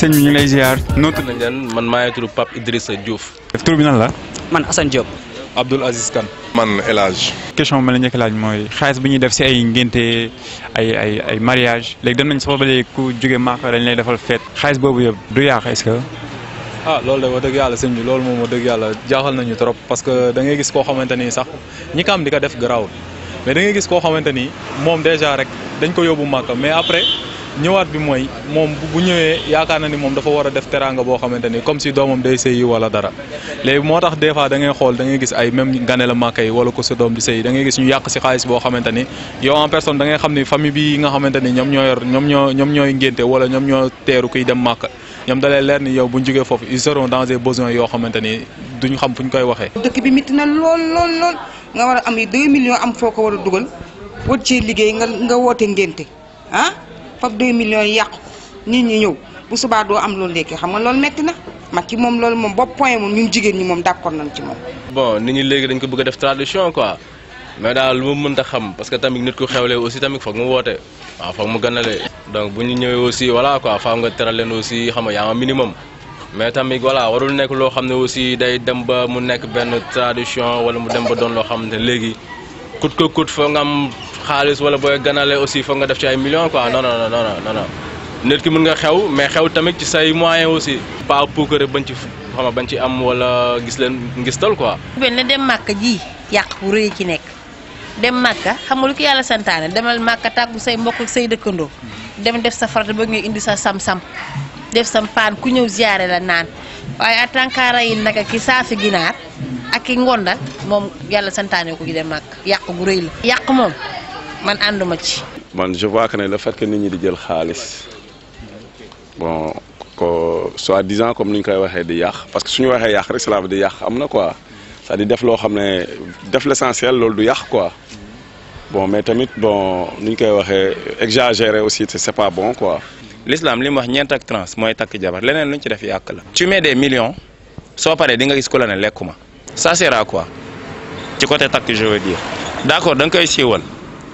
sëñ bi ñu ngi lay ziar. noo tudd man maa ngi tudd Pape Idrissa Diouf. def tur bi nan la. man Assane Diop. Abdoul Aziz Kane. man El Hadj. question ma njëkk laaj mooy xaalis bi ñuy def si ay ngénte ay ay ay mariage léegi dem nañ sax ba léegi ku jóge maax dañ lay defal fête xaalis boobu yëpp du yàq est-ce que. ah loolu de wax dëgg yàlla sëñ bi loolu moom moo dëgg yàlla jaaxal nañu trop parce que da ngay gis koo xamante ni sax ñi ko am di ko def garaawul mais da gis koo xamante rek dañ ko yóbbu màkk mais après. ñëwaat bi mooy moom bu ñëwee yaakaar na ni moom dafa war a def teraanga boo xamante ni comme si doomam day sëyi wala dara léegi moo tax des fois da ngay xool da ngay gis ay même gane la màkka yi wala ko sa doom di sëyi da ngay gis ñu yàq si xaalis boo xamante ni yow en personne da ngay xam ni famille bi nga xamante ñoom ñoo yor ñoom ñoo ñoom ñooy ngénte wala ñoom ñoo teeru kuy dem màkka ñoom dalee leer ni yow bu ñu foofu ils seront dans des besoins yoo xamante ni duñ xam fu ñu koy waxee. dëkk bi métti na lool lool lool nga war a am 2 millions foo ko war a dugal wut ci nga nga woote ngénte ah fab 2 millions yi yàqu ko nit ñi ñëw bu subaa doo am loolu léegi xam nga loolu metti na mag ci moom loolu moom ba point moom ñun jigéen ñi moom d'accord nañ ci moom. bon nit ñi léegi dañ ko bëgg a def tradition quoi mais daal lu mu mënta xam parce que tamit nit ku xewlee aussi tamit foog mu woote waaw foog mu gënalee. donc bu ñu ñëwee aussi voilà quoi faaw nga teral leen aussi xam nga minimum. mais tamit voilà warul nekk loo xam ne aussi day dem ba mu nekk benn tradition wala mu dem ba doon loo xam ne léegi xaalis wala booy ganale aussi foog nga def ci ay millions quoi non non non non non nit ki mën nga xew mais xew tamit ci say moyen aussi. pas puukare bañ ci xam nga bañ ci am wala gis leen ngis tal quoi. benn na dem màkk ji yàq bu rëy ci nekk dem màkka xam nga lu ko yàlla santaane demal màkka tàggu say mbokk say dëkkandoo dem def sa farata ba ngay indi sa sam-sam def sa paan ku ñëw ziyaare la naan waaye en tant que rey naka ki saafi ginaar ak ki ngondal moom yàlla santaane ko ci dem màkk yàq gu rëy la yàq moom man anduma ci. man je vois que ne le fait que nit ñi di jël xaaliss bon ko disant comme niñ koy waxé di yàq parce que suñu waxé yàq rek cela veut dire yàq amna quoi ça di def lo xamné def l'essentiel loolu du yàq quoi bon mais tamit bon niñ koy waxé exagérer aussi c'est pas bon quoi. l'islam lim wax ñent ak trans moy tak jabar leneen luñ ci def yàq la. tu mets des millions so paré di nga gis ko la ne lekkuma ça sert à quoi ci côté takk je veux dire d'accord dang nga koy siiwal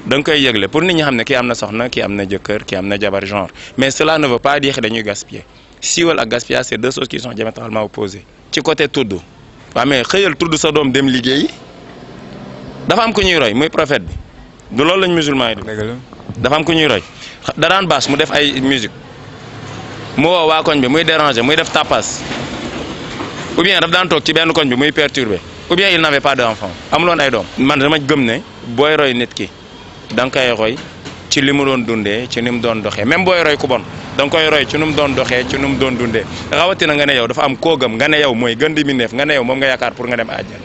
da nga koy yëgle pour nit ñi xam ne kii am na soxna kii am na jëkkër kii jabar genre mais cela ne veut pas dire que dañuy gaspiller siiwal ak gaspillage c'est deux choses qui sont diamétralement opposées ci côté tudd waaw mais xëyal tudd sa doom dem liggéeyi dafa am ku ñuy roy muy prophète bi du loolu lañ musulman yi dafa am ku ñuy roy daan baas mu def ay musique mu woo waa koñ bi muy déranger muy def tapas ou bien daf daan toog ci benn koñ bi muy perturber ou bien il n'avait pas d'enfant amuloon ay doom man dama gëm ne booy roy nit ki da nga koy roy ci li mu doon dundee ci ni mu doon doxee même booy roy ku bon da nga koy roy ci nu doon doxee ci nu mu doon dundee rawatina nga ne yow dafa am koo gëm nga ne yow mooy gën di mbindeef nga ne yow moom nga yaakaar pour nga dem àjjana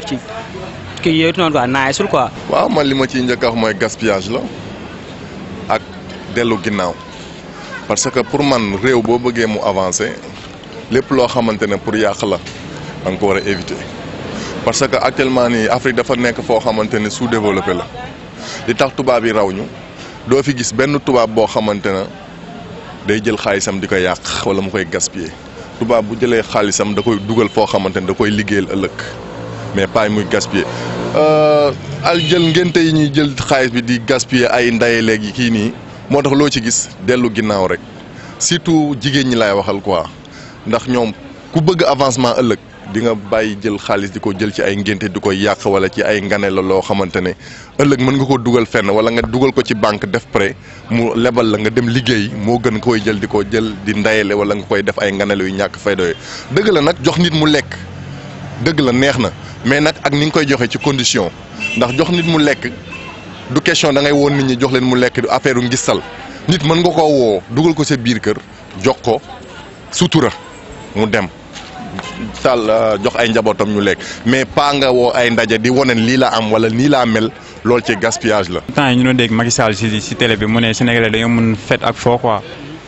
def ci kii yooyu noonu quoi naay sul quoi. waaw man li ma ci njëkk mooy gaspillage la ak dellu ginnaaw parce que pour man réew boo bëggee mu avancé lépp loo xamante ne pour yàq la danga ko war a éviter parce que actuellement nii Afrique dafa nekk foo xamante ne sous-développé la li tax tubaab yi raw ñu doo fi gis benn tubaab boo xamante ne day jël xaalisam di ko yàq wala mu koy gaspiller tubaab bu jëlee xaalisam da koy dugal foo xamante ne da koy liggéeyal ëllëg. mais pas muy gaspiller euh, al jël ngénte yi ñuy jël xaalis bi di gaspiller ay ndaye léeg kii nii moo tax loo ci gis dellu ginnaaw rek surtout jigéen ñi lay waxal quoi ndax ñoom ku bëgg avancement ëllëg di nga bàyyi jël xaalis di ko jël ci ay ngénte di koy yàq wala ci ay ngane la loo xamante ne ëllëg mën nga ko dugal fenn wala nga dugal ko ci banque def prêt mu lebal la nga dem liggéey moo gën koy jël di ko jël di ndayale wala nga koy def ay nganale yu ñàkk fayda dëgg la nag jox nit mu lekk dëgg la neex na mais nag ak ni nga koy joxe ci condition ndax jox nit mu lekk du question da ngay woon nit ñi jox leen mu lekk du affaire u ngistal nit mën nga koo woo dugal ko sa biir kër jox ko sutura mu dem sal euh, jox ay njabootam ñu lekk mais pas nga woo ay ndaje di wane lii la am wala nii laa mel loolu ci gaspillage la. temps yi ñu doon dégg Macky Sall si si télé bi mu ne Sénégalais dañoo mun fet ak foo quoi.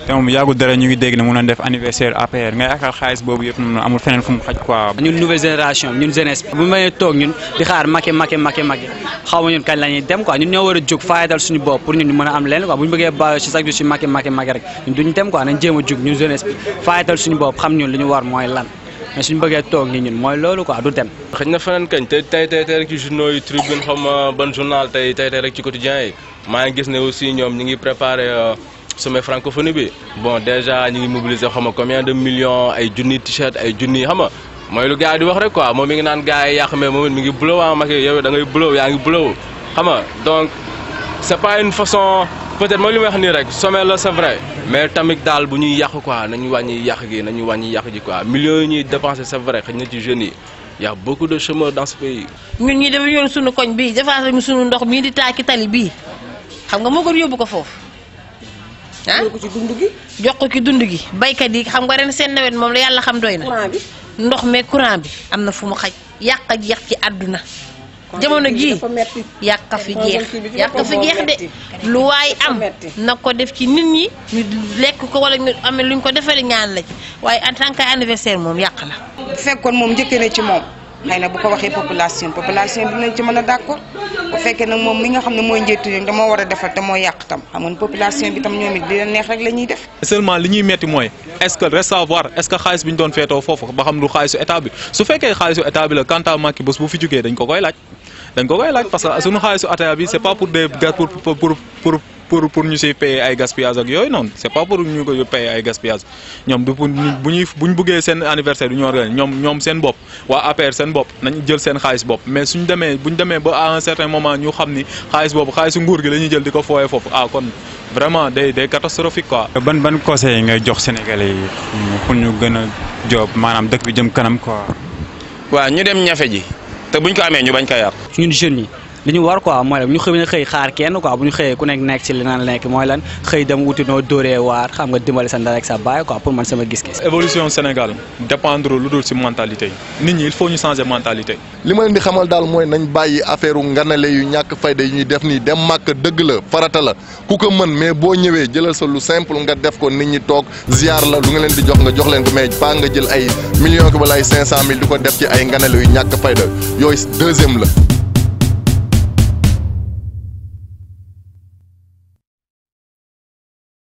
te moom yàggul dara ñu ngi dégg ne mun na def anniversaire APR nga yaakaar xaalis boobu yëpp noonu amul feneen fu mu xaj quoi. ñun nouvelle génération ñun jeunesse bi bu may toog ñun di xaar Macky Macky Macky Macky la ñuy dem quoi ñun ñoo war a jóg faayatal suñu bopp pour ñu mën a am leen quoi bu ñu bëggee ba si chaque jour si Macky Macky rek ñun duñ dem quoi nañ jéem a jóg ñun jeunesse bi faayatal suñu bopp xam ñun li ñu war mooy lan mais suñu bëggee toog ñun mooy loolu quoi du dem. xëy na feneen kañ tey tey tey rek ci journaux yi tribune xam ban journal tey tey tey rek ci quotidien maa gis ne aussi ñoom ñi ngi préparé euh, sommet francophonie bi bon déjà ñi ngi mobiliser xama combien de millions ay junni t-shirt ay junni xama moy lu gaay di wax rek quoi moom mi ngi naan gaay yi yàq mais moom mi ngi blow ah ma yow da ngay blow ya ngi blow xama donc c'est pas une façon peut-être mooy li may wax ni rek sommet la c'est vrai mais tamik dal bu ñuy yàq quoi nañu wañi yàq gi nañu wañi yàq ji quoi millions ñi dépenser c'est vrai xëñ na ci jeune yi. y a beaucoup de chômeurs dans ce pays. ñun ñi dafa yoon suñu koñ bi défense suñu ndox mi di taaki tali bi xam nga moo gën yóbbu ko foofu. ah jox ko ci dund gi. jox ci dund gi baykat yi xam nga ren seen nawet moom la yàlla xam doy na. courant ndox mee courant bi am na fu mu xaj yàq a jeex ci àdduna. jamono jii yàq fi jeex yàq fi jeex de lu waaye am na ko def ci nit ñi ñu lekk ko wala ñu amee luñ ko defalee ñaan la ci waaye en tant que anniversaire moom yàq la. bu fekkoon moom njëkkee na ci moom. xëy na bu ko waxee population population bi dinañ ci mën a d'accord bu fekkee nag moom mi nga xam ne mooy njiitu réew damoo war a defar te moo yàq tam xam nga population bi tam ñoom it di leen neex rek la ñuy def. seulement li ñuy metti mooy est-ce que reste est-ce que xaalis bi ñu doon feetoo foofu ba xam lu xaalisu état bi su fekkee xaalisu état la quant à Macky bés fi jógee dañ ko koy laaj. dañ ko koy laaj parce que suñu xaalisu ataya bi c'est pas pour des pour pour pour pour pour ñu siy payer ay gaspillage ak yooyu noonu c'est pas pour ñu ko payer ay gaspillage ñoom du pour bu ñuy ñu buggee seen anniversaire du ñu organiser ñoom ñoom seen bopp waa APR seen bopp nañ jël seen xaalis bopp mais suñ demee bu ñu demee ba à un certain moment ñu xam ni xaalis boobu xaalisu nguur gi la ñuy jël di ko fooyee foofu ah kon vraiment day day catastrophique quoi. ban ban conseil ngay jox Sénégalais yi pour ñu gën a job maanaam dëkk bi jëm kanam quoi. waaw ñu dem ñafe ji. te buñ ko amee ñu bañ ko yar ñun jeunes yi li ñu war quoi mooy lan ñu xëy xëy xaar kenn quoi bu ñu xëyee ku nekk nekk ci li naan nekk mooy lan xëy dem wuti noo dóoree waar xam nga dimali sa ndey ak sa baay quoi pour man sama gis-gis. évolution Sénégal dépendre lu dul ci mentalité nit ñi il ñu changer mentalité. li ma leen di xamal daal mooy nañ bàyyi affaire nganale yu ñàkk ñuy def nii dem màkk dëgg la farata la ku mën mais boo ñëwee jëlal sa lu simple nga def ko nit ñi toog ziar la lu nga leen di jox nga jox leen ko mais pas nga jël ay millions ko wala ay cent mille di ko def ci ay nganale yu ñàkk fayda yooyu deuxième la